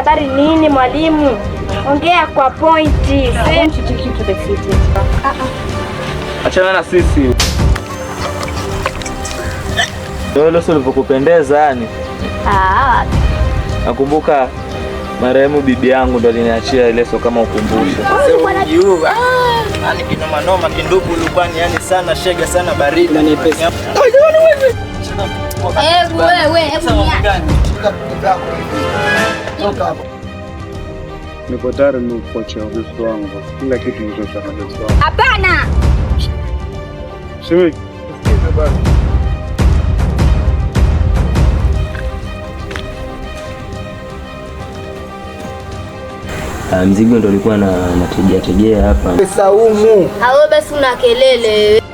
habari nini mwalimu? Ongea kwa pointi. Uh-uh. Achana na sisi. sio ulivyokupendeza yani. Ah. Nakumbuka marehemu bibi yangu ndo aliniachia leso kama ukumbusho. Ah. Yaani kinoma noma kindugu lubani yani sana shega sana Wewe wewe. Toka hapo. Niko tayari nimekuachia ujuzi wangu kila kitu ni nilichoacha wazazi wangu. Hapana. Shimiki. Ah, Mzigo ndo ulikuwa na nategea tegea hapa. Saumu. Hawe basi una kelele.